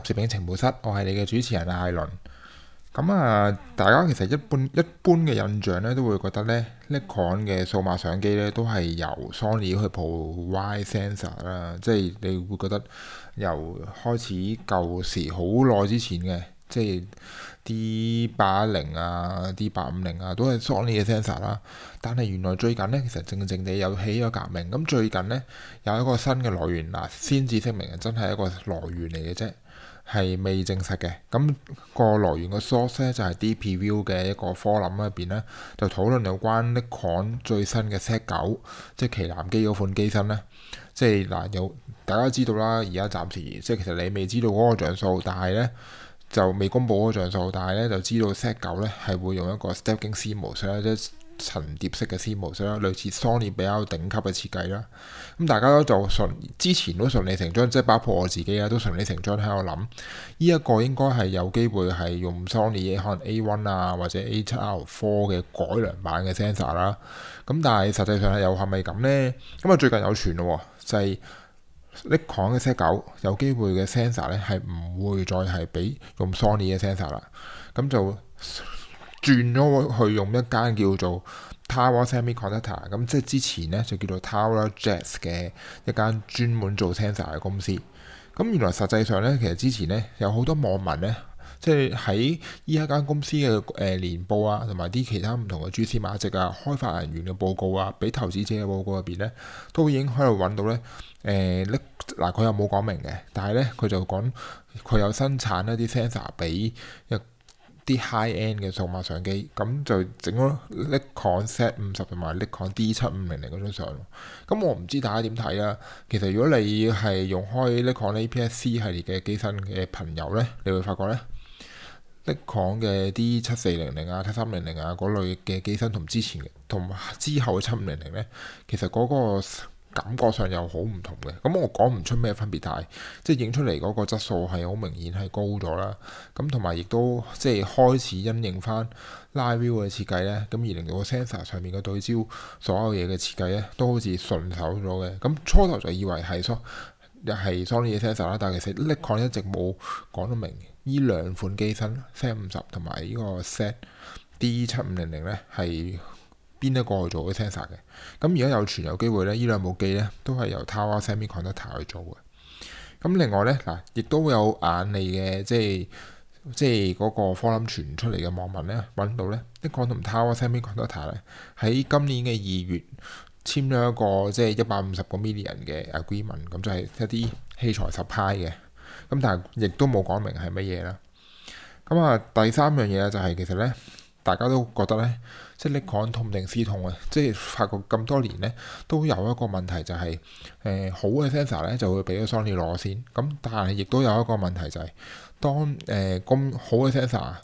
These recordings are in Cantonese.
集攝影情報室，我係你嘅主持人艾倫。咁啊，大家其實一般一般嘅印象咧，都會覺得咧，尼康嘅數碼相機咧都係由 Sony 去 provide sensor 啦、啊，即係你會覺得由開始舊時好耐之前嘅，即係 D 八一零啊、D 八五零啊，都係 Sony 嘅 sensor 啦、啊。但係原來最近呢，其實正正地有起咗革命。咁最近呢，有一個新嘅來源嗱，先至聲明真係一個來源嚟嘅啫。係未證實嘅，咁、那個來源個 source 咧就係 DPReview 嘅一個 forum 入邊咧，就討論有關 Nikon 最新嘅 Z9，即係旗艦機嗰款機身咧，即嗱，有大家知道啦，而家暫時即係其實你未知道嗰個像素，但係咧就未公佈嗰個像素，但係咧就知道 Z9 咧係會用一個 Stacked CMOS 模式咧。層疊式嘅 CMOS 啦，類似 Sony 比較頂級嘅設計啦。咁大家都就順之前都順理成章，即係包括我自己啦，都順理成章喺度諗，呢、這、一個應該係有機會係用 Sony 可能 A1 啊或者 A7R4 嘅改良版嘅 sensor 啦。咁但係實際上係又係咪咁呢？咁啊最近有傳咯，就係、是、Nikon 嘅 Z9 有機會嘅 sensor 咧係唔會再係畀用 Sony 嘅 sensor 啦。咁就。轉咗去用一間叫做 Tower Semiconductor 咁即係之前咧就叫做 Tower Jazz 嘅一間專門做 Sensor 嘅公司。咁原來實際上咧，其實之前咧有好多網民咧，即係喺依一間公司嘅誒年報啊，同埋啲其他唔同嘅蛛絲馬跡啊、開發人員嘅報告啊、俾投資者嘅報告入邊咧，都已經喺度揾到咧誒，嗱、呃、佢又冇講明嘅，但係咧佢就講佢有生產一啲 sensor 俾一。啲 high end 嘅數碼相機，咁就整咗 Nikon Z 五十同埋 Nikon D 七五零零嗰張相咯。咁我唔知大家點睇啦。其實如果你係用開 Nikon APS-C 系列嘅機身嘅朋友呢，你會發覺呢，Nikon 嘅 D 七四零零啊、七三零零啊嗰類嘅機身同之前同之後嘅七五零零呢，其實嗰、嗰個感覺上又好唔同嘅，咁、嗯、我講唔出咩分別，但係即係影出嚟嗰個質素係好明顯係高咗啦。咁同埋亦都即係開始因應翻 Live View 嘅設計咧，咁而令到個 sensor 上面嘅對焦所有嘢嘅設計咧，都好似順手咗嘅。咁、嗯、初頭就以為係 So 又係 Sony sensor 啦，但係其實 Nikon 一直冇講得明呢兩款機身 Z 五十同埋呢個 Z D 七五零零咧係邊一個去做嘅 sensor 嘅？咁如果有傳有機會咧，兩機呢兩部機咧都係由 Tower Semiconductor 去做嘅。咁另外咧嗱，亦都有眼利嘅，即係即係嗰個 forum 傳出嚟嘅網民咧揾到咧 t 同 Tower Semiconductor 咧喺今年嘅二月簽咗一個即係一百五十個 million 嘅 agreement，咁就係一啲器材 supply 嘅。咁但係亦都冇講明係乜嘢啦。咁啊，第三樣嘢咧就係、是、其實咧。大家都覺得咧，即係 Nikon 痛定思痛啊！即係發覺咁多年咧，都有一個問題就係、是，誒、呃、好嘅 sensor 咧就會俾咗 Sony 攞先，咁但係亦都有一個問題就係、是，當誒供、呃、好嘅 sensor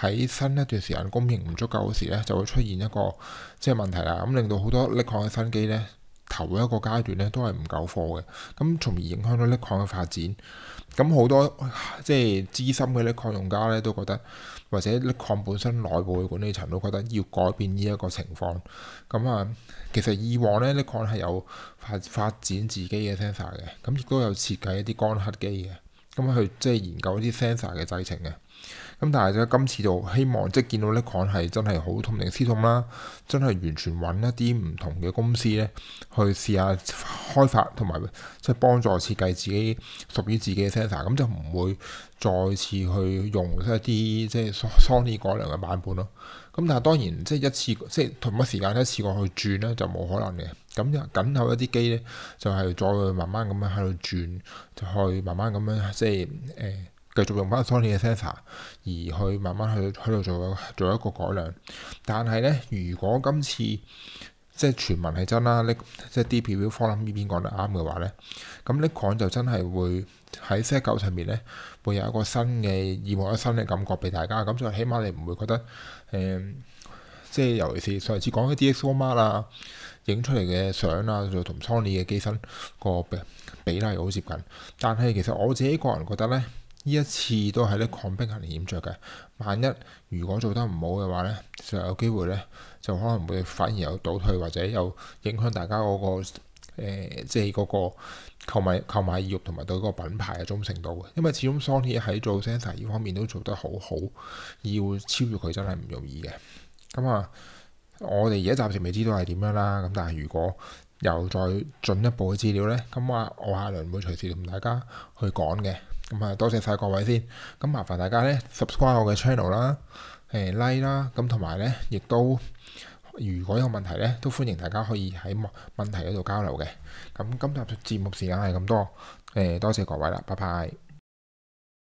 喺新一段時間供應唔足夠嘅時咧，就會出現一個即係問題啦，咁令到好多 Nikon 嘅新機咧。頭一個階段咧都係唔夠貨嘅，咁從而影響到 Nikon 嘅發展。咁好多即係資深嘅 Nikon 用家咧都覺得，或者 Nikon 本身內部嘅管理層都覺得要改變呢一個情況。咁啊，其實以往咧，Nikon 係有發發展自己嘅 sensor 嘅，咁亦都有設計一啲光刻機嘅，咁去即係、就是、研究一啲 sensor 嘅製程嘅。咁、嗯、但係咧，今次就希望即係見到咧，Nikon 係真係好痛定思痛啦，真係完全揾一啲唔同嘅公司咧，去試下開發同埋即係幫助設計自己屬於自己嘅 sensor 咁就唔會再次去用一啲即係 Sony 改良嘅版本咯。咁、嗯、但係當然即係一次即係同一時間一次過去轉咧就冇可能嘅。咁就僅靠一啲機咧，就係、是、再慢慢咁樣喺度轉，就去慢慢咁樣即係誒。呃繼續用翻 Sony 嘅 sensor，而去慢慢去喺度做做一個改良。但係咧，如果今次即係傳聞係真啦，即呢即係 DPOF 呢邊講得啱嘅話咧，咁呢款就真係會喺 set 九上面咧，會有一個新嘅，意外一新嘅感覺俾大家。咁就起碼你唔會覺得誒、呃，即係尤其是上次講嘅 DSR Mark 影出嚟嘅相啊，就同 Sony 嘅機身個比比例好接近。但係其實我自己個人覺得咧。呢一次都喺啲抗冰行嚟險著嘅。萬一如果做得唔好嘅話咧，就有機會咧，就可能會反而有倒退或者有影響大家嗰、那個、呃、即係嗰、那個購買購買意欲同埋對嗰個品牌嘅忠誠度嘅。因為始終 Sony 喺做 sensor 呢方面都做得好好，要超越佢真係唔容易嘅。咁、嗯、啊，我哋而家暫時未知到係點樣啦。咁但係如果有再進一步嘅資料咧，咁、嗯、啊，我阿倫會隨時同大家去講嘅。咁啊，多謝晒各位先。咁麻煩大家咧，subscribe 我嘅 channel 啦，誒、呃、like 啦、啊，咁同埋咧，亦都如果有問題咧，都歡迎大家可以喺問問題嗰度交流嘅。咁、啊、今集節目時間係咁多，誒、呃、多謝各位啦，拜拜。